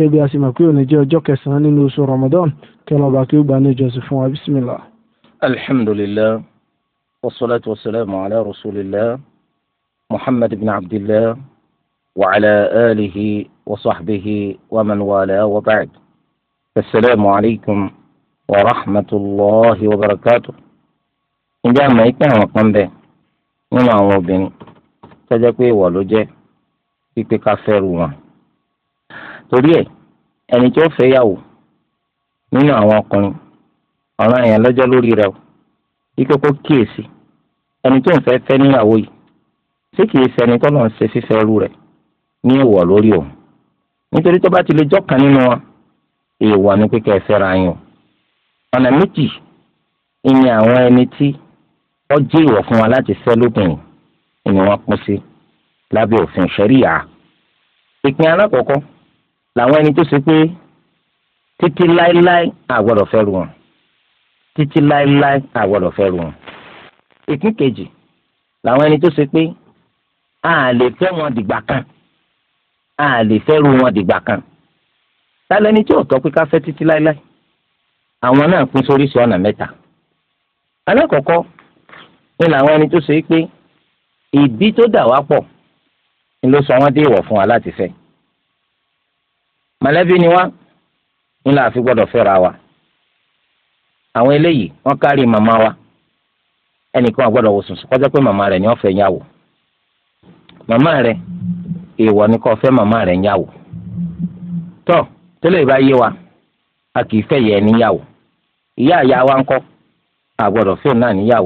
gẹ́gẹ́ bí a ṣe mọ̀ pé òní jẹ́ ọjọ́ kẹsàn-án nínú oṣù Ramadan kí ọlọ́ba kí ó gbà ní ìjọsìn fún wa bísímìlá. alhamdulilayi wasalaatu wasalaamu ala rasulillah muhammad bin abdillah wa ala alihi wa sahbihi wa man wala wa ba'd. asalaamu alaykum wa rahmatulahi wa barakatu. ǹjẹ́ àmọ́ ikpe àwọn kan bẹ́ẹ̀ nínú àwọn obìnrin tọ́jà pé ìwà ló jẹ́ pípé ká fẹ́rù wọn torí ẹ̀ ẹni tó fẹ́ yàwó nínú àwọn ọkùnrin ọ̀ràn èèyàn lọ́jọ́ lórí rẹ̀ o ikú kó kíyèsí ẹni tó ń fẹ́ fẹ́ níyàwó yìí ṣé kìí ṣe ẹni tó lọ́n ṣe fífẹ́ irú rẹ̀ ní èèwọ̀ lórí òun nítorí tó bá ti lè jọ́kan nínú wọn èèwọ̀ ni pé kẹfẹ́ ra yín o ọ̀nà méjì ìyẹn àwọn ẹni tí wọ́n jẹ́ ìwọ̀ fún wa láti fẹ́ lóbìnrin ìyẹn wọn pín sí lábẹ́ òfin ṣẹ́ríyà ìpín alákọ̀ọ́kọ́ làwọn ẹni tó ṣe pé títí láéláé àgbọ̀dọ̀ fẹ́ ru wọn títí láéláé àgbọ̀dọ̀ fẹ́ ru wọn. ìpín kejì làwọn ẹni tó ṣe pé a lè fẹ́ wọn dìgbà kan a lè fẹ́ ru wọn dìgbà kan tálẹ́ni tí ò tọ́ pé ká fẹ́ títí láéláé àwọn náà pín sóríṣi ọ̀nà mẹ́ta. alákọ̀ọ́kọ́ ni làwọn ẹni tó ṣe pé ìbí tó dà wá pọ̀ ni ló sọ wọ́n dé ìwọ̀ fún wa láti fẹ́ mọ̀lẹ́bí ni wá ń là fi gbọdọ fẹ́ra wa àwọn eléyìí wọ́n kárí màmá wa ẹnìkan àgbọ́dọ̀ wò sùnsùn kọjá pé màmá rẹ̀ ni wọ́n fẹ́ yàwó màmá rẹ̀ èèwọ̀ ni kò fẹ́ màmá rẹ̀ yàwó yé wa a kì í fẹ́ yẹ ya ìyá ìyá wa ńkọ́ àgbọ́dọ̀ fẹ́ náà ya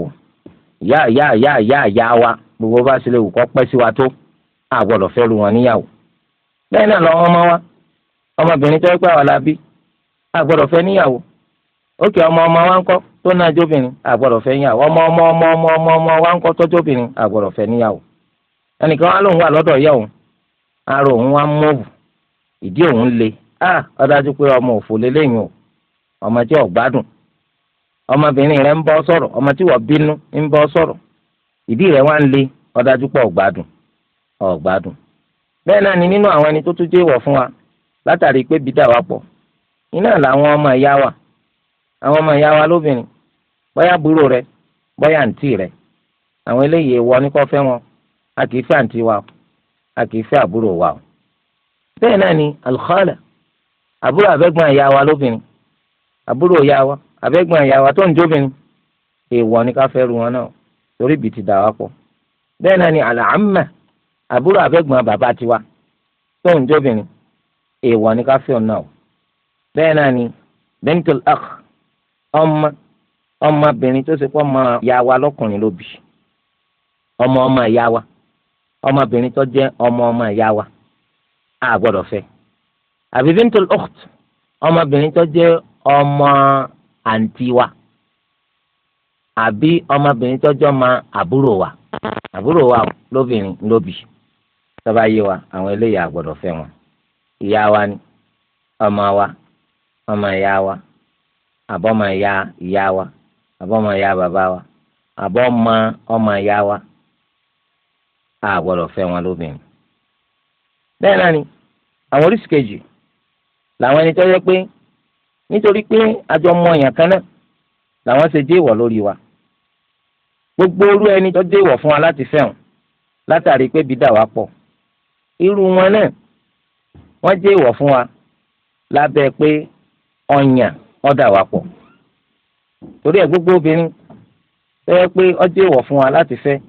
ìyá ìyá ìyá ìyá wa gbogbo bá ṣe lè wù kó pẹ́ sí wa tó lu wọn ọmọbìnrin tó yẹ pé àwọn àgbọ̀dọ̀ fẹ́ níyàwó ókè ọmọ ọmọ wa ń kọ́ tó jóbìnrin àgbọ̀dọ̀ fẹ́ níyàwó ọmọ ọmọ ọmọ ọmọ ọmọ ọmọ wa ń kọ́ tó jóbìnrin àgbọ̀dọ̀ fẹ́ níyàwó ẹnìkan wá lóun wà lọ́dọ̀ yẹ òun ara òun wà mọ́ọ̀bù ìdí òun le ọdájú pé látàrí pé bídà wà pọ̀ iná làwọn ọmọ ìyá wa àwọn ọmọ ìyá wa lóbìnrin bóyá búrò rẹ bóyá àǹtí rẹ àwọn eléyìí wọ ní kò fẹ́ wọn a kì í fẹ́ àǹtí wa a kì í fẹ́ àbúrò wa o bẹ́ẹ̀ náà ni alukhala àbúrò abẹ́gbọ̀n ìyá wa lóbìnrin àbúrò ìyá wa abẹ́gbọ̀n ìyá wa tó ń jóbìnrin èèwọ̀ ní ká fẹ́ ru wọn náà torí bìtì dà wá pọ̀ bẹ́ẹ̀ náà ni àlàámà àbúrò abẹ́gbọ̀n bàbá tiwa tó ń jóbìnrin èèwọ̀ ní ká fẹ́ ọ náà bẹ́ẹ̀ náà ni bentel akh ọmọ ọmọbìnrin tó ṣe pé ọmọ ìyá wa lọ́kùnrin ló bí ọmọ ọmọ ìyá ọmọbìnrin tó jẹ́ ọmọ ọmọ ìyá a gbọ́dọ̀ fẹ́ àbí bentel ukht ọmọbìnrin tó jẹ́ ọmọ àǹtí wa àbí ọmọbìnrin tó jẹ́ ọmọ àbúrò wa àbúrò wa lóbìnrin lóbi tó bá yé wa àwọn eléyìí a gbọ́dọ̀ wọn ìyá wa ni ọmọ wa ọmọ ìyá wa àbọ̀mọ̀ ìyá ìyá wa àbọ̀mọ̀ ìyá bàbá wa àbọ̀mọ̀ ọmọ ìyá wa a gbọ́dọ̀ fẹ́ wọn lóbìnrin. bẹ́ẹ̀ náà ni àwọn oríṣi kejì làwọn ẹni tó yẹ pé nítorí pé àjọ mọ èèyàn kan náà làwọn ṣe dé ìwọ̀ lórí wa gbogbo orú ẹni tó dé ìwọ̀ fún wa láti fẹ́hùn látàrí pé bídà wa pọ̀ irú wọn náà wọ́n jẹ́ ìwọ̀ fún wa lábẹ́ pé ọ̀yàn wọ́n dà wá pọ̀ torí ẹ̀ gbogbo obìnrin tó pé ọjọ́ ìwọ̀ fún wa láti fẹ́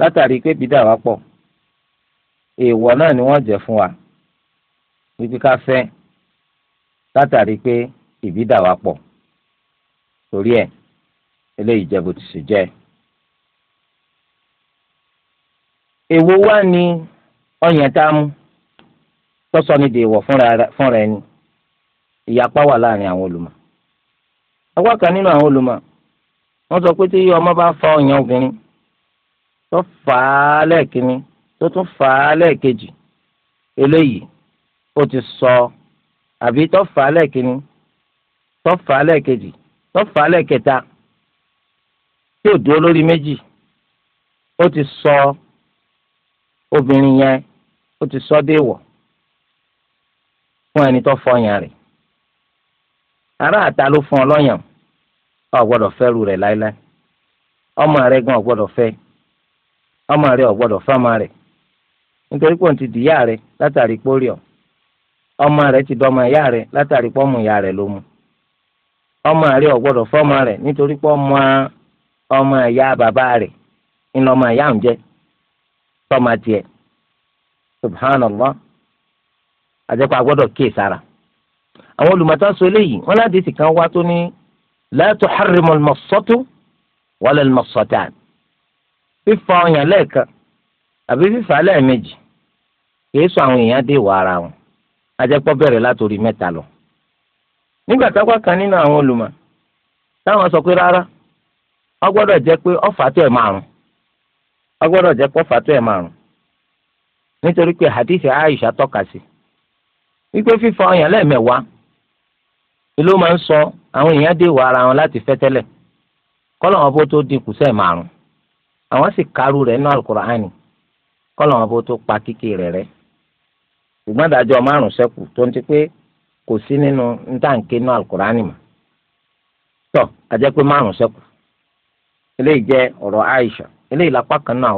látàrí pé bí dà wá pọ̀ èèwọ̀ náà ni wọ́n jẹ́ fún wa wípé ká fẹ́ látàrí pé ìbí dà wá pọ̀ torí ẹ̀ eléyìí jẹ́ bó ti ṣe jẹ́ èwo wá ni ọ̀yàn tá a mú tọ́sọ ni dèèwọ̀ fúnra ẹni ìyapa wà láàrin àwọn olùmọ̀ apá kan nínú àwọn olùmọ̀ wọ́n sọ pé tí ọmọ bá fa ọyàn obìnrin tó fà á lẹ́ẹ̀kínní tó tún fà á lẹ́ẹ̀kejì eléyìí ó ti sọ àbí tó fà á lẹ́ẹ̀kínní tó fà á lẹ́ẹ̀kejì tó fà á lẹ́ẹ̀kẹta tí ò dúró lórí méjì ó ti sọ obìnrin yẹn ó ti sọ déèwọ̀ fún ẹni tó fọyàn rẹ̀ ará àta ló fún ọ lọ́yàn ọ gbọ́dọ̀ fẹ́rù rẹ̀ láéláé ọmọ rẹ̀ gan ọ gbọ́dọ̀ ọmọ rẹ̀ ọ gbọ́dọ̀ fọ́mọ nítorí pé òun ti dìyà rẹ̀ látàrí pólíọ̀ ọmọ rẹ̀ ti dọ́mọ ìyá rẹ̀ látàrí pọ́mù ìyá rẹ̀ ló mu ọmọ rẹ̀ ọ gbọ́dọ̀ fọ́mọ nítorí pé ọmọ ọmọ ìyá bàbá rẹ̀ ńlọmọ ìyá òun jẹ́ tọ́mọ tiẹ̀ subhanallah àjẹpọ̀ àgbọ́dọ̀ kíyè sára àwọn olùmọ̀tá sọ eléyìí wọn láti ti kan wá tó ní la tuharrimu al-massatu wala fífa ọyàn lẹ́ẹ̀kan àbí fífa lẹ́ẹ̀mejì kìí sọ àwọn èèyàn dé ìwà ara wọn látòrí lọ. nígbà táwa kan nínú àwọn olùmọ̀ táwọn sọ pé rárá pé márùn pé Aisha wípé fífa ọyàn lẹ́ẹ̀mẹ̀wàá ló máa ń sọ àwọn èèyàn dé ìwà ara wọn láti fẹ́ tẹ́lẹ̀ kọ́lọ̀ wọn bó tó dínkù sẹ́ẹ̀ márùn àwọn sì kárú rẹ̀ nínú àlùkùránì kọ́lọ̀ wọn bó tó pa kíkì rẹ̀ rẹ́ ṣùgbọ́n dájọ́ márùn sẹ́kù tó ń ti pé kò sí nínú ntànkì nínú mọ́ tọ́ àjẹ́ pé márùn sẹ́kù eléyìí jẹ́ ọ̀rọ̀ Aisha eléyìí lápá kan náà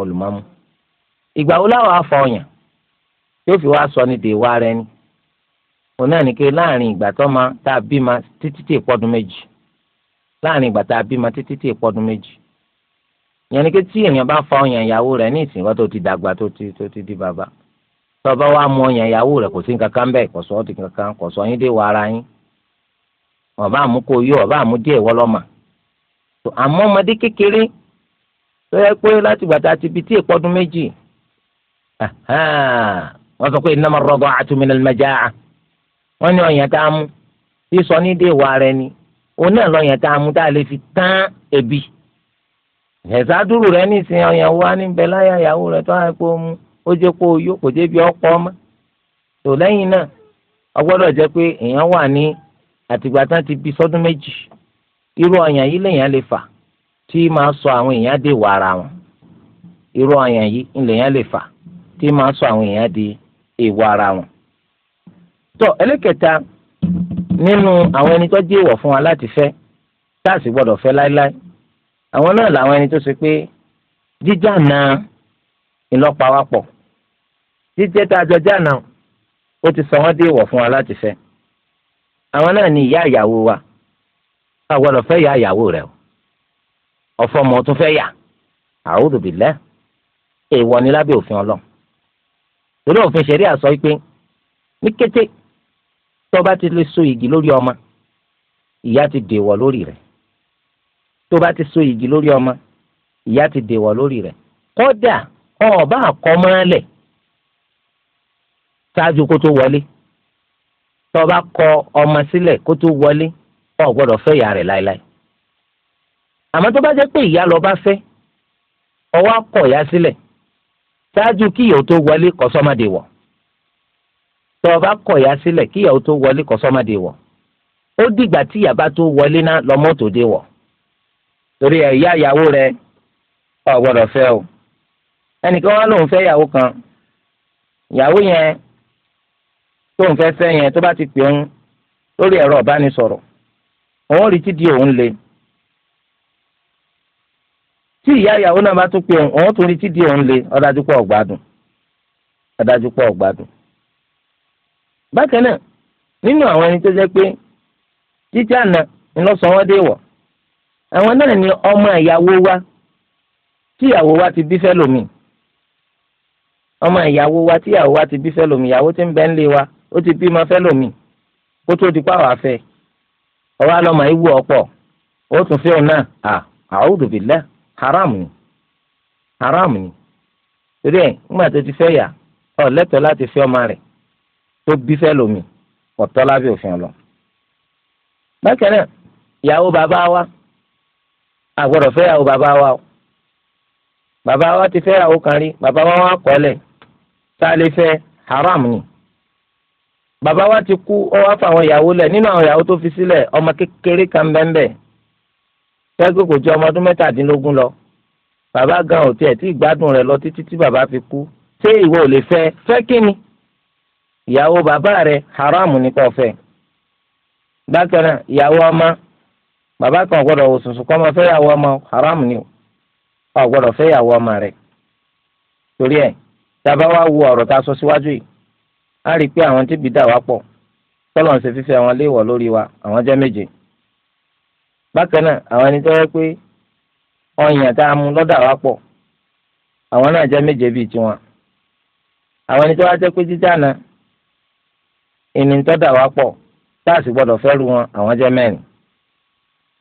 òun náà ní pé láàrin ìgbà tó ma tá a bímọ títí tí ìpọ́dún méjì láàrin ìgbà tá a bímọ títí tí ìpọ́dún méjì ìyẹn ni pé tí èèyàn bá fa ọyàn ìyàwó rẹ̀ ní ìsìnkú tó ti dàgbà tó ti tó ti di bàbá tó bá wá mu ọyàn ìyàwó rẹ̀ kò sí kankan bẹ́ẹ̀ kò sọ ọ́ ti kankan kò sọ yín dé wọ ara yín ọba àmú kò yọ ọba àmú díẹ̀ wọ́lọ́mà àmọ́ ọmọdé kékeré tó yẹ pé láti ìgbà tá a ti bi tí ìpọ́dún méjì wọ́n sọ pé innama ar-rada'atu min wọ́n ní ọyàn tá a mú sísọ ní déèwọ̀ ara ẹni òun náà lọ́yàn tá a mú tá a lè fi tán ebi ẹ̀sádùrù rẹ nísìnyí ọ̀yàn wa níbẹ̀ láyà ìyàwó rẹ tó àìpé ó mú ó jẹ́ pé oyó kò débi ọ̀pọ̀ ọmọ tò lẹ́yìn náà ọgbọ́dọ̀ jẹ́ pé èèyàn wà ní àtìgbà tán ti bí sọ́dún méjì irú ọyàn yìí lèèyàn lè fà tí máa sọ àwọn èèyàn déèwọ̀ ara wọn irú ọ̀yàn yìí lèèyàn lè fà tí máa sọ àwọn èèyàn di èèwọ̀ ara wọn. tó ẹlẹ́kẹta nínú àwọn ẹni tó jẹ́ ìwọ̀ fún wa láti fẹ́ tá a sì gbọ́dọ̀ fẹ́ láéláé àwọn náà làwọn ẹni tó ṣe pé jíjà náà ìlọ́pàápọ̀ tá a jọ jà ó ti sọ wọ́n dé ìwọ̀ fún wa láti fẹ́ àwọn náà ni ìyá ìyàwó wa a gbọ́dọ̀ fẹ́ ìyá ìyàwó rẹ o ọ̀fọ̀ ọmọ tún fẹ́ yà a'udhu billah èèwọ̀ ni lábẹ́ òfin ọlọ́run torí òfin ṣẹ̀rí àsọ pé ní kété tó bá ti lè so igi lórí ọmọ ìyá ti dèwọ̀ lórí rẹ̀ tó bá ti so igi lórí ọmọ ìyá ti dèwọ̀ lórí rẹ̀ kódà ọba àkọ́mọ́lẹ̀ ṣáájú kó tó wọlé tó bá kọ ọmọ sílẹ̀ kó tó wọlé ó gbọ́dọ̀ fẹ́ ìyá rẹ̀ láéláé àmọ́ tó bá jẹ́ pé ìyá lọ bá fẹ́ ọwọ́ akọ̀ ìyá sílẹ̀ ṣáájú kí ìyàwó tó wọlé kọ́ sọ́mọdé tọ́ ọba kọ̀ ya sílẹ̀ kí ìyàwó tó wọlé kọ́ sọ́mọ́dé wọ̀ ó dìgbà tí ìyàbá tó wọlé náà lọ́mọ́ tó dé wọ̀ torí ẹ̀ ìyá ìyàwó rẹ ò gbọ́dọ̀ fẹ́ o ẹnìkan wá lóun fẹ́ ìyàwó kan ìyàwó yẹn tóun fẹ́ fẹ́ yẹn tó bá ti pè òun lórí ẹ̀rọ ìbánisọ̀rọ̀ òun rí títí òun le tí ìyá ìyàwó náà bá tún pè òun òun tún rí títí òun le ó pọ̀ ọ̀gbádùn ó pọ̀ ọ̀gbádùn bákan náà nínú àwọn ẹni tó jẹ́ pé jíjá àná ńlọsọwọdé wọ àwọn náà ni ọmọ ìyàwó wa tí ìyàwó wa ti bí fẹ́lòmíì ọmọ ìyàwó wa tí ìyàwó wa ti bí fẹ́lòmíì ìyàwó tí ń bẹ ti bí ma fẹ́lòmíì kó tó di pàwọ́ afẹ́ ọwọ́ alọ́mọ ìwú ọ̀pọ̀ ó tún fẹ́ òun náà à haram ni haram ni torí ẹ̀ ńgbà tó ti fẹ́ yà ọ̀ lẹ́tọ̀ọ́ láti fẹ́ ọmọ rẹ̀ tó bí fẹ́ lomi ọ̀tọ́ lábẹ́ òfin ọlọ. bákan ìyàwó bàbá wa àgbọ̀dọ̀ fẹ́ ìyàwó bàbá wa o bàbá wa ti fẹ́ ìyàwó kan rí bàbá wa wá kọ́lẹ̀ tá a lè fẹ́ haram ni bàbá wa ti kú ọ wá fáwọn ìyàwó lẹ̀ nínú àwọn ìyàwó tó fi sílẹ̀ ọmọ kékeré kan bẹ́ńbẹ́ fẹ́ẹ́ kò ju ọmọ ọdún mẹ́tàdínlógún lọ bàbá gan ò tiẹ̀ tí ìgbádùn rẹ̀ lọ títí tí bàbá fi kú ṣé ìwọ ò lè fẹ́ fẹ́ kí ni ìyàwó bàbá rẹ haram ní kó fẹ́ bákan náà ìyàwó ọmọ bàbá kan gbọ́dọ̀ wò sùnsùn kọ́ ọmọ fẹ́ ìyàwó ọmọ haram ni ọ gbọ́dọ̀ fẹ́ ìyàwó ọmọ rẹ torí ẹ̀ tábà wá wo ọ̀rọ̀ tá a sọ síwájú yìí a rí i pé àwọn tí bìdá wa pọ̀ tọ́lọ̀ ń ṣe fífẹ́ wọn léèwọ̀ lórí wa àwọn jẹ́ méje bákan náà àwọn ẹni tó yẹ pé ọyàn tá a mú lọ́dà wa pọ̀ àwọn náà jẹ́ méje bíi tiwọn àwọn ẹni tó wá jẹ́ pé jíjá náà ìní tó dà wá pọ̀ táàsì gbọ́dọ̀ fẹ́rù wọn àwọn jẹ́ mẹ́rin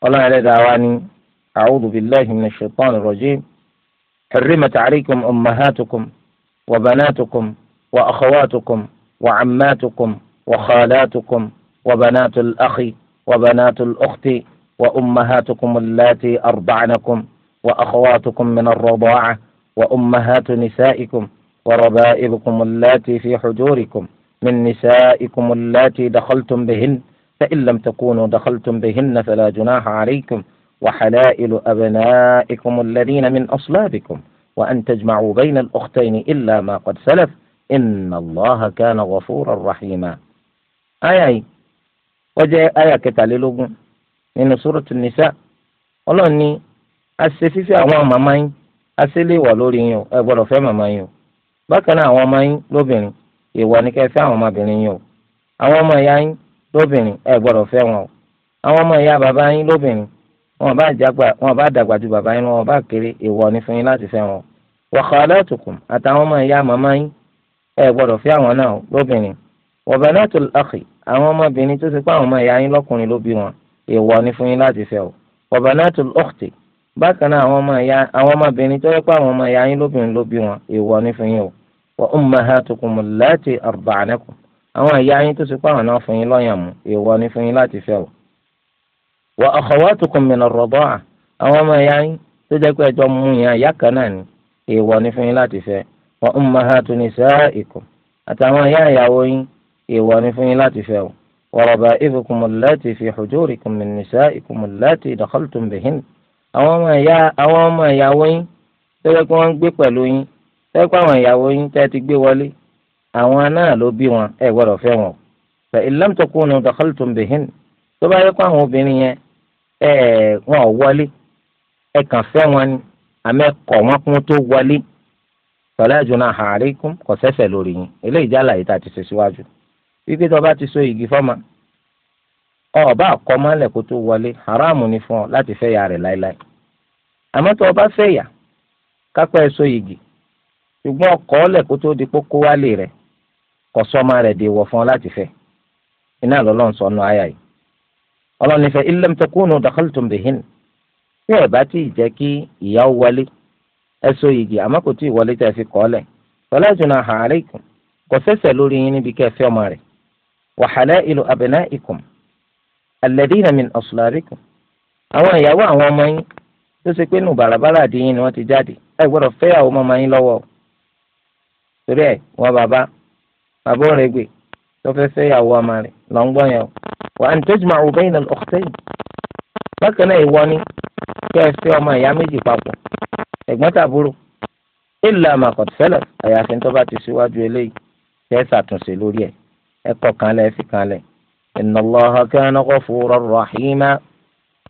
ọlọ́run ẹlẹ́dàá wa ni a'udhu billahi minash shaitanir rajim حرمت عليكم أمهاتكم وبناتكم وأخواتكم وعماتكم وخالاتكم وبنات الأخ وبنات الأخت وأمهاتكم اللاتي أرضعنكم وأخواتكم من الرضاعة وأمهات نسائكم وربائبكم اللاتي في حجوركم من نسائكم اللاتي دخلتم بهن فإن لم تكونوا دخلتم بهن فلا جناح عليكم وحلائل أبنائكم الذين من أصلابكم وأن تجمعوا بين الأختين إلا ما قد سلف إن الله كان غفورا رحيما آي آي وجاء آية كتاليلوغ من سورة النساء والله أني أسفي في أوان ماماين أسلي ولوري أبو في ماماين بكنا أوان ماماين لوبين ìwọ ni kẹ́ fẹ́ àwọn ọmọbìnrin yín o àwọn ọmọ ìyá yín lóbìnrin ẹ gbọ́dọ̀ fẹ́ wọn o àwọn ọmọ ìyá bàbá yín lóbìnrin wọn bá jàgbà wọn bá dàgbà ju bàbá yín wọn bá kéré ìwọ ni fún yín láti fẹ́ wọn o wa khalatukum àtàwọn ọmọ ìyá màmá yín ẹ gbọ́dọ̀ fẹ́ àwọn náà o lóbìnrin wa banatul akhi àwọn ọmọbìnrin tó ti pa àwọn ọmọ ìyá yín lọ́kùnrin ló bí wọn ìwọ ni fún yín láti fẹ́ o wa banatul ukhti bákan náà àwọn ọmọbìnrin tó yẹ pé àwọn ọmọ ìyá yín lóbìnrin ló bí wọn ìwọ ni fún yín o wa ummahatukum allati arba'anakum àwọn ìyá yín tó ti pa àwọn náà fún yín lọ́yàn mú èèwọ̀ ni fún yín láti fẹ́ o wa akhawatukum min ar-rida'a àwọn ọmọ ìyá yín tó jẹ́ pé ẹjọ́ mú yín àyà kan náà ni èèwọ̀ ni fún yín láti fẹ́ wa ummahatu nisa'ikum àtàwọn ìyá ìyàwó yín èèwọ̀ ni fún yín láti fẹ́ o wa raba'ibukum allati fi hujurikum min nisa'ikum allati dakhaltum bihin àwọn ọmọ ìyàwó yín tó jẹ́ pé wọ́n ń gbé pẹ̀lú yín sẹ́kọ̀ àwọn ìyàwó yín tẹ́ ti gbé wọlé àwọn náà ló bí wọn ẹ gbọ́dọ̀ fẹ́ wọn fa illam takunu dakhaltum bihin tó bá yẹ kó àwọn obìnrin yẹn ẹ wọn ò wọlé ẹ kàn fẹ́ wọn ni àmọ́ ẹ kọ̀ wọ́n kún tó wọlé fala junaha alaykum kò sẹ́sẹ̀ lórí yín eléyìí jálà yìí tá a ti ṣe síwájú wípé tó bá ti so igi fọ́mà ọba àkọ́mọ́lẹ̀ kó tó wọlé haramu ni fún ọ láti fẹ́ ya rẹ̀ láéláé àmọ́ tó o bá fẹ́ yà kápẹ́ so igi ṣùgbọ́n ọkọ ọlẹ kó tó di kókó wálé rẹ̀ kọ sọmọ rẹ̀ di wọ fún ọ láti fẹ́ iná lọlọrun sọ nù àyà yìí Ọlọ́run nífẹẹ ilẹm takunu dakhaltum bihin tí ẹ bá tí ì jẹ́ kí ìyàwó wọlé ẹ so igi àmọ́ kò tí ì wọlé tẹ́ fi kọ ọlẹ fala junaha alaykum kò sẹsẹ lórí yín níbi kẹ́ fẹ́ ọmọ rẹ̀ wa halailu abnaikum alladina min aslarikum àwọn ìyàwó àwọn ọmọ yín tó ṣe pé nù bàràbàrà àdìyín ni wọ́n ti jáde ẹ gbọ́dọ̀ fẹ́yàwó mọmọ yín lọ́wọ́ o torí ẹ̀ wọ́n bàbá bàbá òun gbè tó fẹ́ fẹ́ yàwó ọmọ rẹ̀ lọ́ ń gbọ́ yẹn o wà á ní tó jùmọ̀ àwọn bẹ́yìn náà ọ̀sẹ̀ yìí bákan náà ìwọ ni kẹ́ ẹ fẹ́ ọmọ ìyá méjì papọ̀ ẹ̀gbọ́n tàbúrò ìlà màkọ̀tìfẹ́lẹ̀ àyàfi tó bá ti síwájú eléyìí tẹ́ ṣàtúnṣe lórí ẹ̀ ẹ kọ̀ kanlẹ̀ ẹ fi kanlẹ̀ innallaha kana ghafuran rahima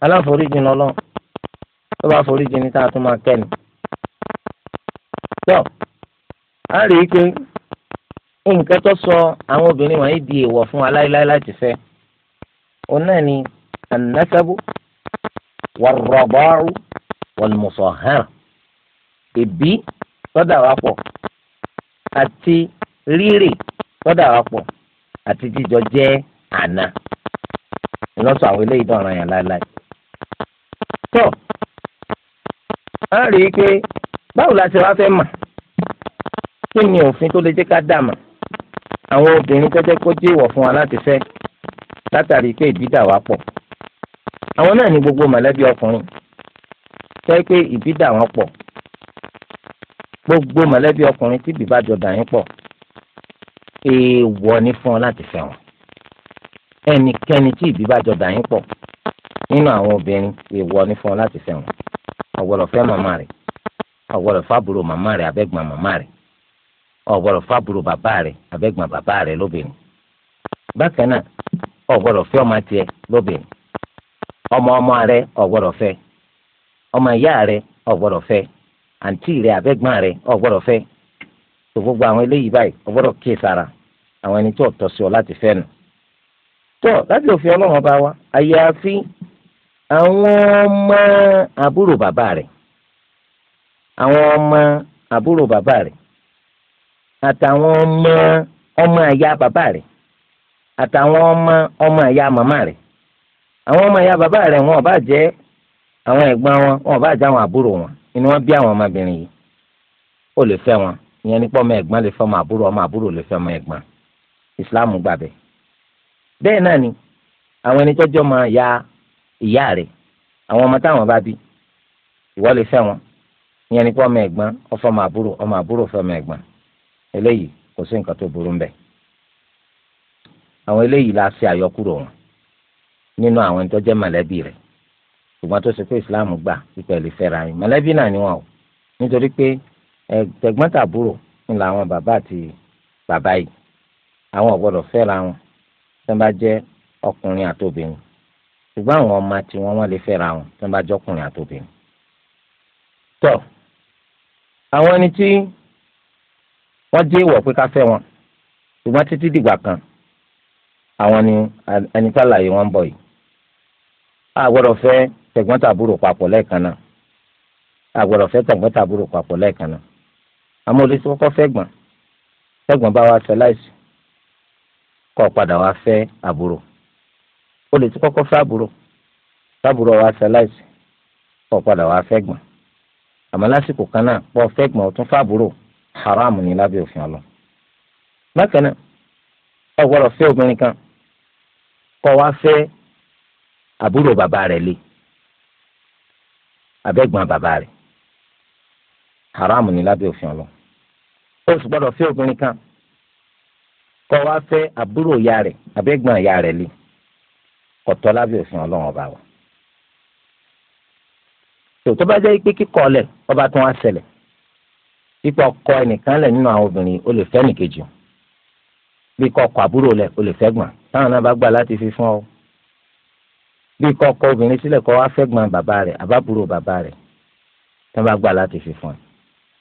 aláforíjì náà lọ tó bá foríjì ní tá a a rí i pé nǹkan tó sọ àwọn obìnrin wọ̀nyí di èèwọ̀ fún wa láéláé láti fẹ́ òun náà ni anasabu warrobaru walmusahara ẹbí tọ́dà wa pọ̀ àti rírì tọ́dà wa pọ̀ àti jíjọ jẹ́ àná ìlọsọ àwọn eléyìí dọ̀ràn yẹn láéláé. tó a rí i pé báwo la ṣe wá fẹ́ mọ̀ kí ni òfin tó lè jẹ́ ká dàmà àwọn obìnrin tẹ́tẹ́ kó jẹ́ ìwọ̀ fún wa láti fẹ́ látàrí pé ìbídà wa pọ̀ àwọn náà ní gbogbo mọ̀lẹ́bí ọkùnrin sọ pé ìbídà wọn pọ̀ gbogbo mọ̀lẹ́bí ọkùnrin tí bìbá jọdà yín pọ̀ èèwọ̀ ni fún ọ láti fẹ́ wọn ẹnikẹ́ni tí ìbíbá jọdà yín pọ̀ nínú àwọn obìnrin èèwọ̀ ni fún ọ láti fẹ́ wọn ọ̀gbọ́dọ̀ fẹ́ màmá rẹ̀ ọ̀gbọ́dọ̀ fábùrò màmá rẹ̀ abẹ́gbọ̀n màmá rẹ̀ ọ̀gbọ́dọ̀ fábùrò bàbá rẹ̀ abẹ́gbọ̀n bàbá rẹ̀ lóbìnrin bákan náà ọ̀gbọ́dọ̀ fẹ́ ọmọ tiẹ̀ lóbìnrin ọmọ ọmọ rẹ̀ ọ̀gbọ́dọ̀ fẹ́ ọmọ ìyá rẹ̀ ọ̀gbọ́dọ̀ fẹ́ àǹtí rẹ̀ abẹ́gbọ̀n rẹ̀ ọ̀gbọ́dọ̀ fẹ́ tó gbogbo àwọn eléyìí báyìí ọ̀gbọ́dọ̀ kíyè sára àwọn ẹni tó ọ̀tọ̀ sí ọ láti fẹ́ nù tó láti òfin ọlọ́run bá wa àyàfi àwọn ọmọ àbúrò bàbá rẹ̀ àwọn ọmọ àbúrò bàbá rẹ̀ àtàwọn ọmọ ọmọ ẹ̀yà bàbá rẹ̀ àtàwọn ọmọ ọmọ ẹ̀yà màmá rẹ̀ àwọn ọmọ ẹ̀yà bàbá rẹ̀ wọn ò bá jẹ́ àwọn ẹ̀gbọ́n wọn wọn ò bá jẹ́ àwọn àbúrò wọn ni wọ́n bí àwọn ọmọbìnrin yìí ó lè fẹ́ wọn ìyẹn ní ọmọ ẹ̀gbọ́n lè fẹ́ ọmọ àbúrò ọmọ àbúrò lè fẹ́ ọmọ ẹ̀gbọ́n ìsìláàmù gbà bẹ́ẹ̀ bẹ́ẹ̀ náà ni àwọn ẹni tọ́jú ọmọ ya ìyá rẹ̀ àwọn ọmọ táwọn bá bí ìwọ lè fẹ́ wọn ìyẹn ní pọ́ ọmọ ẹ̀gbọ́n ọfọmọ àbúrò ọmọ àbúrò fẹ́ ọmọ ẹ̀gbọ́n eléyìí kò sí nǹkan tó burú mbẹ àwọn eléyìí la ṣe àyọkúrò wọn nínú àwọn tó jẹ́ mọ̀lẹ́bí rẹ̀ ṣùgbọ́n tó ṣe pé ìsìláàmù gbà pípẹ́ lè fẹ́ra yín mọ̀lẹ́bí náà ni wọn o nítorí pé ẹ̀gbọ́n tàbúrò ń la àwọn bàbá àti bàbá yìí àwọn ò gbọ́dọ̀ fẹ́ra wọn tó bá jẹ́ ọkùnrin àtòbìnrin ṣùgbọ́n àwọn ọmọ tí wọ́n wọ́n lè fẹ́ra wọn tó bá jẹ́ ọkùnrin àtòbìnrin. tọ́ àwọn ẹni tí wọ́n jẹ́ ìwọ̀ pé ká fẹ́ wọn ṣùgbọ́n títí dìgbà kan àwọn ni ẹni tá láàyè wọn ń bọ̀ yìí a fẹ́ tẹ̀gbọ́ntàbúrò papọ̀ lẹ́ẹ̀kan náà a gbọ́dọ̀ fẹ́ tẹ̀gbọ́ntàbúrò papọ̀ lẹ́ẹ̀kan náà àmọ́ olè tí kọ́kọ́ fẹ́ gbọ̀n tẹ̀gbọ́n bá wa fẹ́ láìsí kó padà wá fẹ́ àbúrò olè tí kọ́kọ́ fẹ́ àbúrò tábùrò wa fẹ́ láìsí kó padà wá fẹ́ gbọ̀n àmọ́ lásìkò kan náà pọ̀ fẹ́ gbọ̀n ó haram ni lábẹ́ òfin ọlọ. bákan náà ọ gbọ́dọ̀ fẹ́ obìnrin kan kọ́ wá fẹ́ àbúrò bàbá rẹ̀ lé abẹ́gbọ̀n bàbá rẹ̀ haram ni lábẹ́ òfin ọlọ. ó sì gbọ́dọ̀ fẹ́ obìnrin kan kọ́ wá fẹ́ àbúrò ìyá rẹ̀ abẹ́gbọ̀n ìyá rẹ̀ lé ọ̀tọ̀ lábẹ́ òfin ọlọ́run ọba wa. tòótọ́ bá jẹ́ pé kíkọ́ ọlẹ̀ ọba tó wá ṣẹlẹ̀ pípọ̀ kọ ẹnìkan lẹ̀ nínú àwọn obìnrin o lè fẹ́ nìkejì bí kò kọ àbúrò lẹ̀ o lè fẹ́ gbọ̀n táwọn náà bá gbà láti fi fún ọ bí kò kọ obìnrin sílẹ̀ kó wá fẹ́ gbọ̀n bàbá rẹ̀ àbábúrò bàbá rẹ̀ táwọn bá gbà láti fi fún ọ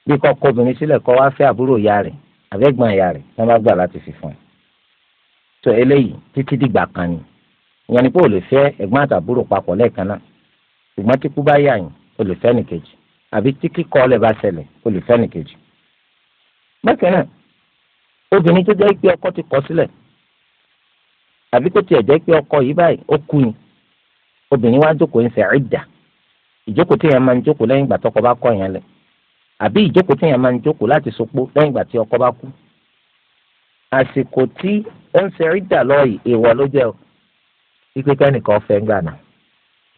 bí kò kọ obìnrin sílẹ̀ kó wá fẹ́ àbúrò ìyá rẹ̀ àbẹ́gbọ̀n ìyá rẹ̀ táwọn bá gbà láti fi fún ọ tó eléyìí títí dìgbà kan ni ìyẹn ni pé o lè fẹ́ ẹ̀gbọ́n àtàbúrò papọ̀ lẹ́ẹ̀kan náà ṣùgbọ́n tí kú bá yà yín o lè fẹ́ nìkejì àbí tí kíkọ́ ọ̀lẹ̀ bá ṣẹlẹ̀ o lè fẹ́ni kejì. bákan náà obìnrin tó jẹ́ pé ọkọ ti kọ̀ sílẹ̀ àbí kó tiẹ̀ jẹ́ pé ọkọ yìí báyìí ó kú ni obìnrin wá jókòó ń ṣe ìdà ìjókòó téèyàn máa ń jókòó lẹ́yìn ìgbà tọkọ bá kọ̀ yẹn lẹ̀ àbí ìjókòó téèyàn máa ń jókòó láti sopó lẹ́yìn ìgbà tí ọkọ bá kú. àsìkò tí ó ń ṣe ìdà lọ́ọ̀yì èèwọ̀ ló jẹ́ o ipe kẹ́nìkan fẹ́ ń gbà náà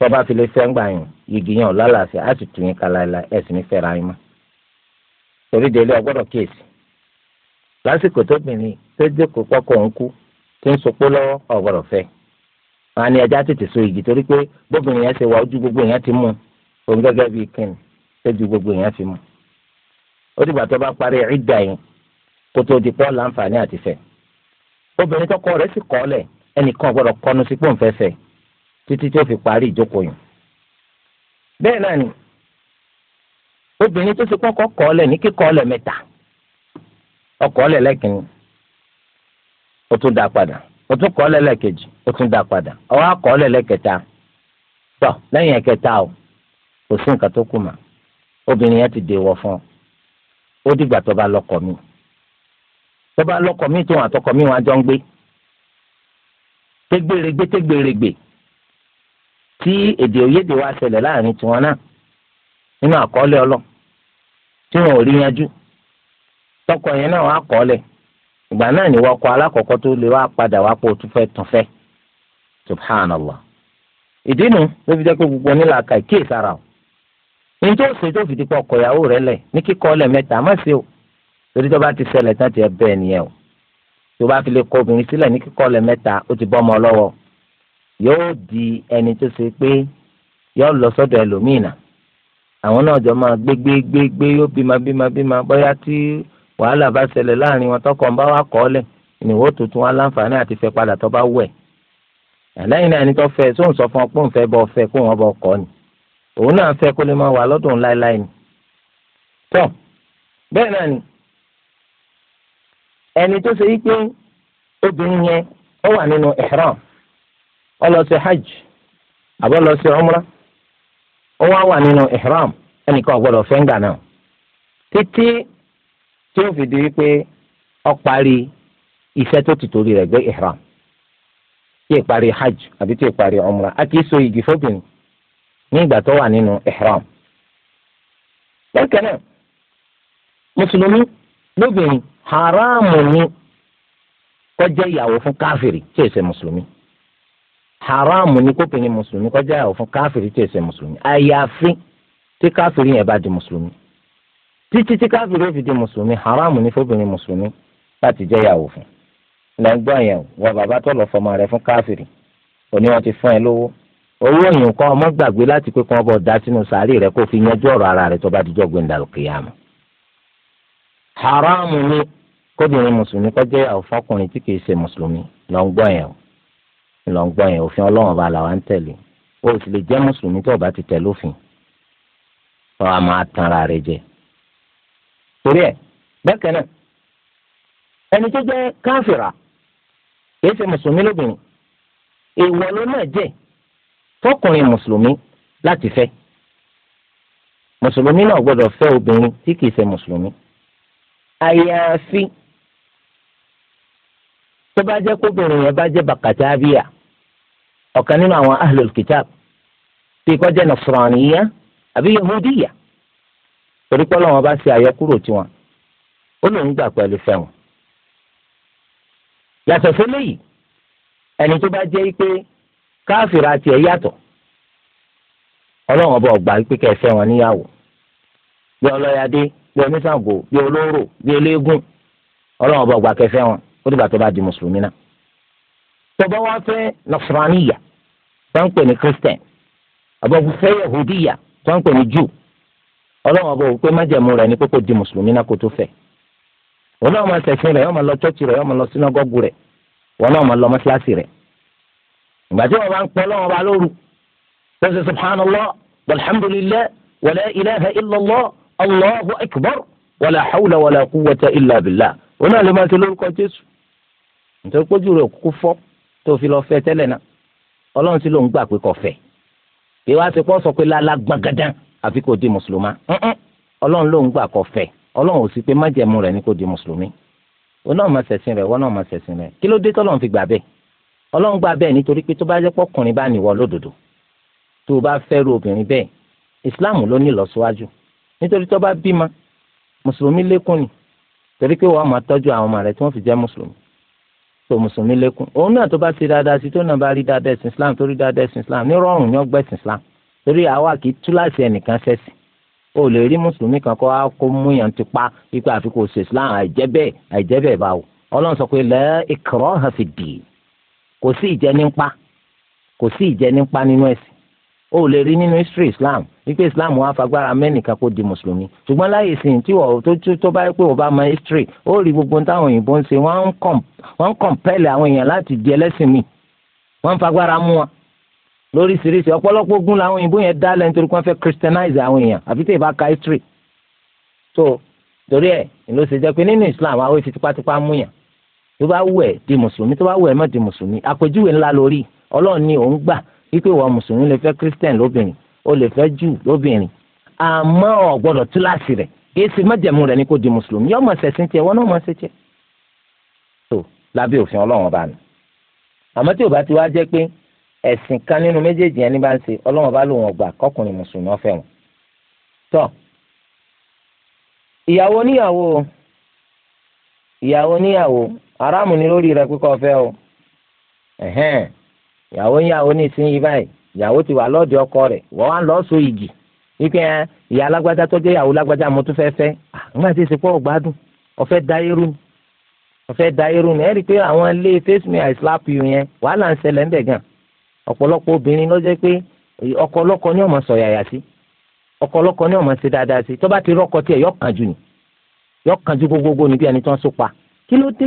tọ́ba fi lè fẹ́ ń gbà yín igi yẹn ò lálàáfíà á sì tù yín kalaila ẹ̀ sì ní fẹ́ yín mọ́ torí délé ọgbọ́dọ̀ kíyèsí lásìkò tóbìnrin tó jókòó pọ́kọ̀ ń kú tó ń sopó lọ́wọ́ ọ̀gbọ́dọ̀ fẹ́ wọn ni ẹja tètè so igi torí pé bóbìnrin yẹn ṣe wà ojú gbogbo yẹn ti mú òun gẹ́gẹ́ bíi kíni tójú gbogbo yẹn fi mú ó dìgbà tó bá parí ìdá yẹn kó tó di pọ́ láǹfààní àti fẹ́ obìnrin tọkọ rẹ̀ sì kọ́ lẹ̀ ẹnìkan ọ̀gbọ́dọ̀ kọnu sí pòǹfẹ́fẹ́ títí tó fi parí ìjókòó yìí bẹ́ẹ̀ náà ni obìnrin tó ti kọ́kọ́ kọ́ ọ lẹ̀ ní kíkọ́ ọ lẹ̀ mẹ́ta ọkọ̀ ọ lẹ̀ lẹ́kìnrin ó tún dá padà ó tún kọ́ ọ lẹ̀ lẹ́kejì ó tún dá padà o kò sí nǹkan tó kù obìnrin yẹn ti fún ọ ó dìgbà tó bá lọ́kọ mi tó bá lọ́kọ mi tó wọn tí èdè òyédè wa ṣẹlẹ̀ láàrin tiwọn náà nínú àkọọ́lẹ̀ ọlọ tí wọn ò rí yanjú tọkọ yẹn náà wà kọ́ọ́lẹ̀ ìgbà náà ni wọ́n kọ alákọ̀ọ́kọ́ tó lè wá padà wá pọ̀ tó fẹ́ tán fẹ́ subhanallah ìdí nu ló fi jẹ́ pé gbogbo onílàákà ìkíyèsára o ní tó ṣe tó fi di pé ọkọ ìyàwó rẹ lẹ̀ ní kíkọ́ lẹ̀ mẹ́ta má ṣe o torí tó bá ti ṣẹlẹ̀ tán ti ẹ bẹ́ẹ̀ nìyẹn o tó bá fi lè kọ obìnrin sílẹ̀ ní kíkọ́ lẹ̀ mẹ́ta ó ti bọ́ ọmọ lọ́wọ́ yóò di ẹni tó ṣe pé yóò lọ sọ́dọ̀ ẹlòmíràn àwọn náà jọ máa gbé gbé gbé gbé yóò bímọ bímọ bímọ bóyá tí wàhálà bá ṣẹlẹ̀ láàrin wọn tọkọ ń bá wà kọ́ ìnáwó tuntun wa láǹfààní àti fẹ́ padà tó bá wẹ̀ àlẹ́yìn náà ẹni tó fẹ́ tó ń sọ fún ọ pé òun fẹ́ bọ́ fẹ́ kó wọn bọ́ kọ́ ni òun náà fẹ́ kó lè máa wà lọ́dún láéláé ni tọ́ bẹ́ẹ̀ náà ni ẹni tó ṣe yí pé obìnrin yẹn ó wà nínú ihram ó sí hajj àbọ̀ lọ sí umrah ó wá wà nínú ihram ẹnìkan ọ̀gbọ́dọ̀ fẹ́ǹgà náà títí tí ó fi di wípé ọ parí iṣẹ́ tó ti torí gbé ihram tí ì parí hajj àbí tí ì parí a igi fóbìnrin ní ìgbà tó wà nínú ihram lẹ́kẹ̀ẹ́ mùsùlùmí lóbìnrin haramu ni kó ìyàwó fún káfìrí tí ì haramu ní kóbìnrin mùsùlùmí kọjá ìyàwó fún káfíìrì tí èsè mùsùlùmí àyàfi tí káfíìrì yẹn bá di mùsùlùmí títí tí káfíìrì ó fi di mùsùlùmí haramu ní fóbìnrin mùsùlùmí láti jẹ́ ìyàwó fún lẹ́ ń gbọ́ yẹn wọ bàbá tó lọ fọmọ rẹ fún káfíìrì òní wọn ti fún ẹ lówó owó yìí kan ọmọ gbàgbé láti pé kí wọn bọ dá sínú sàárì rẹ kó fi yanjú ọ̀rọ̀ ara rẹ tó bá dijọ́ gbẹndàlùkìyàmù haramu ni kóbìnrin mùsùlùmí kọjá ìyàwó fọkùnrin tí kìí ṣe mùsùlùmí lọ ń yẹn ìlọ́ngbọ́n yẹn òfin ọlọ́run ọba làwọn ń tẹ̀lé o sì lè jẹ́ mùsùlùmí tó o bá ti tẹ̀ lófin ọ a máa tanra rẹ jẹ torí ẹ bẹ́ẹ̀ náà ẹni tó jẹ́ káfíra kìí ṣe mùsùlùmí lóbìnrin ìwọ ló náà jẹ́ fọkùnrin mùsùlùmí láti fẹ́ mùsùlùmí náà gbọ́dọ̀ fẹ́ obìnrin tí kìí ṣe mùsùlùmí àyàfi tó bá jẹ́ kóbìnrin yẹn bá jẹ́ bàkàtàbíyà ọ̀kan nínú àwọn ahlul kitab bí kò jẹ́ nasraniya àbí yahudiya torí pé ọlọ́wọ́n bá ṣe àyọkúrò tiwọn ó lóun gbà pẹ̀lú fẹ́wọn. yàtọ̀ sílẹ̀ yìí ẹni tó bá jẹ́ pé káfíra tiẹ̀ yàtọ̀ ọlọ́wọ́n bá ọgbà pé kẹfẹ́ wọn níyàwó bí ọlọ́yàdé bí onísàngó bí olóró bí eléégún ọlọ́wọ́n bá ọgbà kẹfẹ́ wọn ó dìgbà tó bá di mùsùlùmí náà tó bá wá fẹ́ nasraniya tó ń pè ní christian àbọ̀fù fẹ́ yahudiya tó ń pè ní jew ọlọ́run ọba òkú májẹ̀mú rẹ̀ ní kókó di mùsùlùmí náà kó tó fẹ́ wọn náà máa ṣẹ̀sìn rẹ̀ yọ́n máa lọ chọ́ọ̀chì rẹ̀ yọ́n máa lọ sínágọ́gù rẹ̀ wọn náà máa lọ mọ́ṣáláṣí rẹ̀ ìgbà tí wọn bá ń pẹ́ ọlọ́run ọba lóru tó subhanallah walhamdulillah wala ilaha illallah allahu akbar wala hawla wala quwwata illa billah wọn náà lè máa ṣe lórúkọ jésù nítorí pójú rẹ̀ kúkú fọ́ tó fi lọ fẹ́ tẹ́lẹ̀ náà ọlọ́run sì ló ń gbà pé kò fẹ́ kí wá ti pọ́ sọ pé lálá gbọ̀ngàdán àfi kò di mùsùlùmá ọlọ́run ló ń gbà kò fẹ́ ọlọ́run ò sì pé májẹ̀mú rẹ̀ ni kò di mùsùlùmí wọn náà máa ṣẹ̀sìn rẹ̀ wọn náà máa ṣẹ̀sìn rẹ̀ kí ló dé tọ́lọ́run fi gbà bẹ́ẹ̀ ọlọ́run gbà bẹ́ẹ̀ nítorí pé tó bá jẹ́ pọ́kùnrin bá nìwọ lódodo tó o bá fẹ́rù obìnrin bẹ́ẹ̀ ìsìláàmù ló ní ìlọsíwájú nítorí tó bá bímọ mùsùlùmí lékún ni torí pé wọ́n máa tọ́jú àwọn ọmọ rẹ̀ tí wọ́n fi jẹ́ mùsùlùmí so mùsùlùmí lékún òun náà tó bá ti dáadáa sí tó náà bá rí dáadáa ẹ̀sìn islam tó rí dáadáa ẹ̀sìn islam ní rọrùn ní ọgbẹ́sìn islam torí àwa kì í tú láti ẹnìkan ṣẹ̀sìn o lè rí mùsùlùmí kan kó kó múyàn ti pa wípé àfi kò islam àìjẹ́ bẹ́ẹ̀ àìjẹ́ bẹ́ẹ̀ báwo ọlọ́run sọ pé la ikraha fi ddin kò sí ìjẹnipa kò sí ìjẹnipa nínú ẹ̀sìn o lè rí nínú history islam wípé islam wà fagbára mẹ́nìkan kó di mùsùlùmí ṣùgbọ́n láyé sìn tí wọ́n tó tó bá yẹ pé wọ́n bá mọ history ó rí gbogbo táwọn òyìnbó ń ṣe wọ́n ń kọ̀ǹpẹ́lẹ̀ àwọn èèyàn láti di ẹlẹ́sìn mi wọ́n ń fagbára mú wọn lóríṣiríṣi ọ̀pọ̀lọpọ̀ ogun làwọn òyìnbó yẹn dálẹ̀ nítorí wọ́n fẹ́ christianize àwọn èèyàn àfi tẹ́ ì ka history so torí ẹ̀ ló ṣe jẹ́ pé nínú islam àwọn èèyàn fi tipátipá mú yàn tó bá wù ẹ́ di mùsùlùmí tó bá wù ẹ́ má di mùsùlùmí àpèjúwe ńlá lórí ọlọ́run ni òun gbà wípé wà mùsùlùmí lè fẹ́ christian lóbìnrin o lè fẹ́ jù lóbìnrin àmọ́ ọ̀ gbọ́dọ̀ túláàsì rẹ̀ kì í ṣe májẹ̀mú rẹ̀ ní kó di mùsùlùmí yọ ọmọ ṣẹ̀sìn tiẹ̀ wọn náà mọ̀ ṣe tiẹ̀ tó lábẹ́ òfin ọlọ́run ọba nù àmọ́ tí ò bá ti wá jẹ́ pé ẹ̀sìn kan nínú méjèèjì ẹni bá ń ṣe ọlọ́run bá lòun ọgbà kọkùnrin mùsùlùmí ọ̀fẹ́ wọn tọ́ ìyàwó níyàwó ìyàwó níyàwó aráàmù ni lórí rẹ̀ pé kó fẹ́ o ìyàwó ìyàwó nísìnyí báyìí ìyàwó ti wà lọ́ọ̀dì ọkọ rẹ̀ wọ́n wá lọ́ọ́ so ìgì wípé ìyá alágbájá tó jẹ́ ìyàwó lágbájá mo tún fẹ́ẹ́ fẹ́ nígbà tí ìsìnkú ọ̀gbádùn ọ̀fẹ́ da irú ni ọ̀fẹ́ da ni ẹ rí i pé àwọn ilé face me slap you yẹn wàhálà ń ṣẹlẹ̀ ńbẹ̀ gan ọ̀pọ̀lọpọ̀ obìnrin ló pé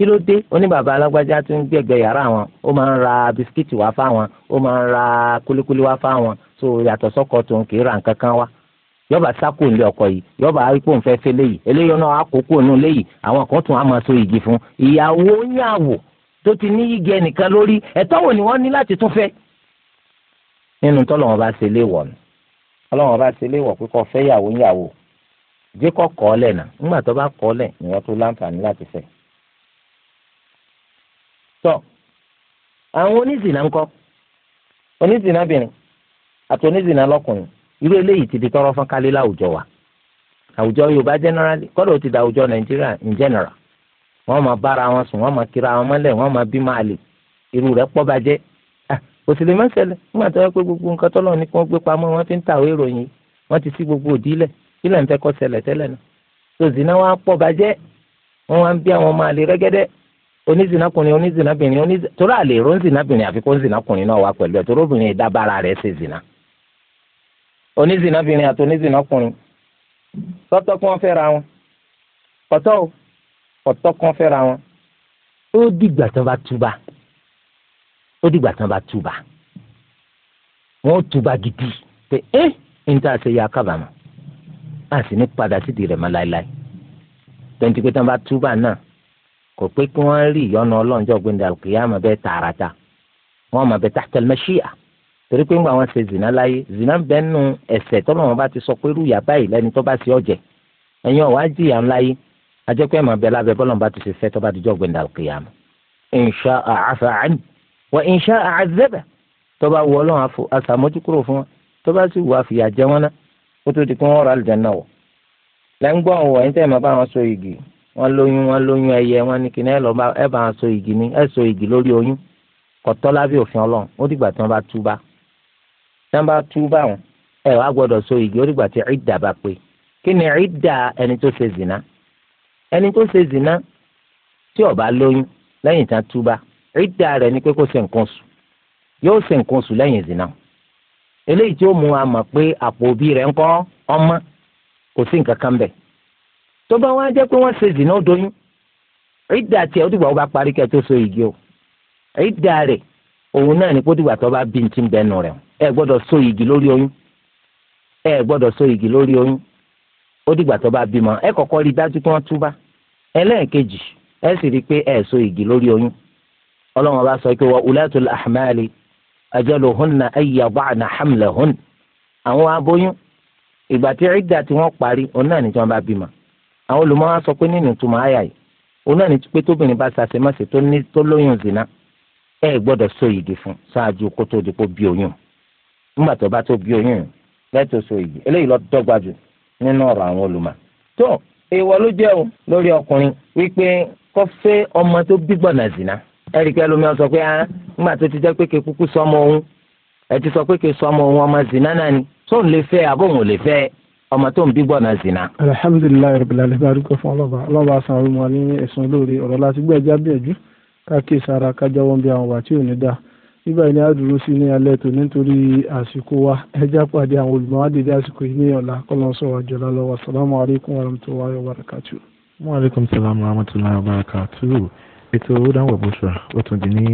kí ló dé oní bàbá alágbájá tó ń gbẹgbẹ yàrá wọn ó máa ń ra bisikíìtì wá fáwọn ó máa ń ra kulikuli wá fáwọn tó yàtọ̀ sọ́kọ tó ń kì ra nǹkan kan wá yọba sáko ilé ọkọ yìí yọba arípò ń fẹ́ fẹ́ léyìí eléyìí náà àkókò nù léyìí àwọn kan tún á máa so igi fún ìyàwó tó ti ní igi ẹnìkan lórí ẹ̀tọ́ wo ni wọ́n ní láti tún fẹ́ nínú tọ́lọ́wọ́n bá ṣe léwọ̀ ni bá ṣe léwọ̀ fẹ́ yàwó kọ́ tọ àwọn onízìnnà ńkọ́ onízìnnà bìnrin àti onízìnnà lọ́kùnrin irú eléyìí ti di tọrọ fún kálí láwùjọ wa àwùjọ yorùbá generally kọ́dọ̀ ti da àwùjọ nàìjíríà in general wọ́n máa bára wọn sùn wọ́n máa kiri mọ́lẹ̀ wọ́n máa bí máa ah, lè irú òsèlè nígbà tó yẹ pé gbogbo nǹkan pamọ́ ń tàwé ìròyìn ti sí onízìnàkùnrin onízìnàbìnrin onízìnà torí àlè èrò ńzìnàbìnrin àfi kó ńzìnàkùnrin náà wà pẹ̀lú ẹ̀ torí obìnrin ìdábàrà rẹ̀ ṣe zìnà onízìnàbìnrin àti onízìnàkùnrin sọ́tọ̀ kí wọ́n fẹ́ra wọn ọ̀tọ̀ o ọ̀tọ̀ kí wọ́n fẹ́ra wọn ó dìgbà tán bá túbà ó dìgbà tán bá túbà wọn ó túbà gidi pé ẹ ń tà ṣe ya kábàámọ̀ àti ní padà sídìí rẹ̀ mọ́ láéláé tó ń pé tán bá túbà náà kò pé kí wọ́n rí ìyọ́nà ọlọ́njọ́ gbẹ̀ndẹ̀ àlùkìyàmà bẹ́ẹ̀ tààràtà wọ́n mọ̀ bẹ́ẹ̀ tahtal mashia torí pé ńgbà wọn ṣe zina láyé zina bẹ́ẹ̀ nù ẹ̀ṣẹ̀ tọ́lọ́wọ́n bá ti sọ pé rúùyà báyìí lẹ́ni tó bá ṣe ọ̀jẹ̀ ẹ̀yin ọ̀wá jìyà ńláyé ajẹ́pẹ́ mọ̀ bẹ́ẹ̀ lábẹ́ bọ́lọ́n bá ti ṣe fẹ́ tó bá dijọ́ gbẹ̀ndẹ̀ àlùkìyàmà insha afa ani wọ́n rà àlùjánnà wọ́n lóyún wọ́n lóyún ẹyẹ wọ́n ní kíní ẹ lọ bá ẹ bá wọn so igi ní ẹ so igi lórí oyún kọtọ lábẹ́ òfin Ọlọ́run ó dìgbà tí wọ́n bá túbà tí wọ́n bá túbà wọn ẹ wàá gbọ́dọ̀ so igi ó dìgbà tí ìdà bá pé kí ni ìdà ẹni tó ṣe zìnà ẹni tó ṣe zìnà tí ó bá lóyún lẹ́yìn tí wọ́n túbà ìdà rẹ̀ ni pé kó ṣe nǹkan oṣù yóò ṣe nǹkan oṣù lẹ́yìn zìnà eléyìí tí ó mú wa mọ̀ pé àpò òbí rẹ̀ ńkọ́ tó bá wá jẹ́ pé wọ́n ṣe zìnà ó doyún ìdá tiẹ̀ ó dìgbà ó bá parí kẹ́ tó so igi o ìdá rẹ̀ òun náà ní kó dìgbà tó bá bí ti ń bẹnu rẹ̀ ẹ gbọ́dọ̀ so igi lórí oyún ẹ gbọ́dọ̀ so igi lórí oyún ó dìgbà tó bá bímọ ẹ kọ́kọ́ rí dájú pé wọ́n túbá ẹlẹ́ẹ̀kejì ẹ sì rí i pé ẹ so igi lórí oyún ọlọ́run bá sọ pé wa ulatul ahmali ajaluhunna an yada'na hamlahun àwọn aboyún ìgbà tí ìdá tí wọ́n parí òun náà ní tí wọ́n bá bímọ àwọn wa sọ pé nínú ìtumọ̀ àyà yìí òun náà ní pé tóbìnrin bá ṣàṣemáṣe tó lóyún zina ẹ gbọ́dọ̀ so ìdí fún ṣáájú kó tó di kó bí oyún nígbà tó bá tó bí oyún lẹ́tọ̀ọ́ so ìdí eléyìí lọ dọ́gba jù nínú ọ̀rọ̀ àwọn olùmọ̀ tó ìwọ ló jẹ́ o lórí ọkùnrin wípé kó fẹ́ ọmọ tó bí gbọ̀nà zina ẹ̀rí pé ẹlòmíràn sọ pé ah nígbà tó ti jẹ́ pé kékuku sọmọ òun ẹ ti sọ pé ké sọmọ òun ọmọ zina náà ni tóun lè fẹ́ àbóhùn ò lè fẹ́ ọmọ tó ń bí gbọ́nà zina. alhamdulilayi rabil alayi arúgbó fún ọlọ́ba ọlọ́ba asan àwọn ọmọ ní ẹ̀sùn olóore ọ̀rọ̀ láti gbé ẹja bí ẹ̀jú káàkiri sara kájà wọn bí àwọn wà tí ò ní dá nígbà yìí ni a dúró sí ní alẹ́ tó nítorí àsìkò wa ẹja pàdé àwọn olùmọ̀ àdèdè àsìkò yìí ní ọ̀la kọ́lọ́sọ àjọlá lọ́wọ́ salamu alaykum wa rahmatulahi wa barakatu. wa alaykum salaam wa rahmatulahi wa barakatu ètò ó dáwọ̀ bó ṣọ́ra ó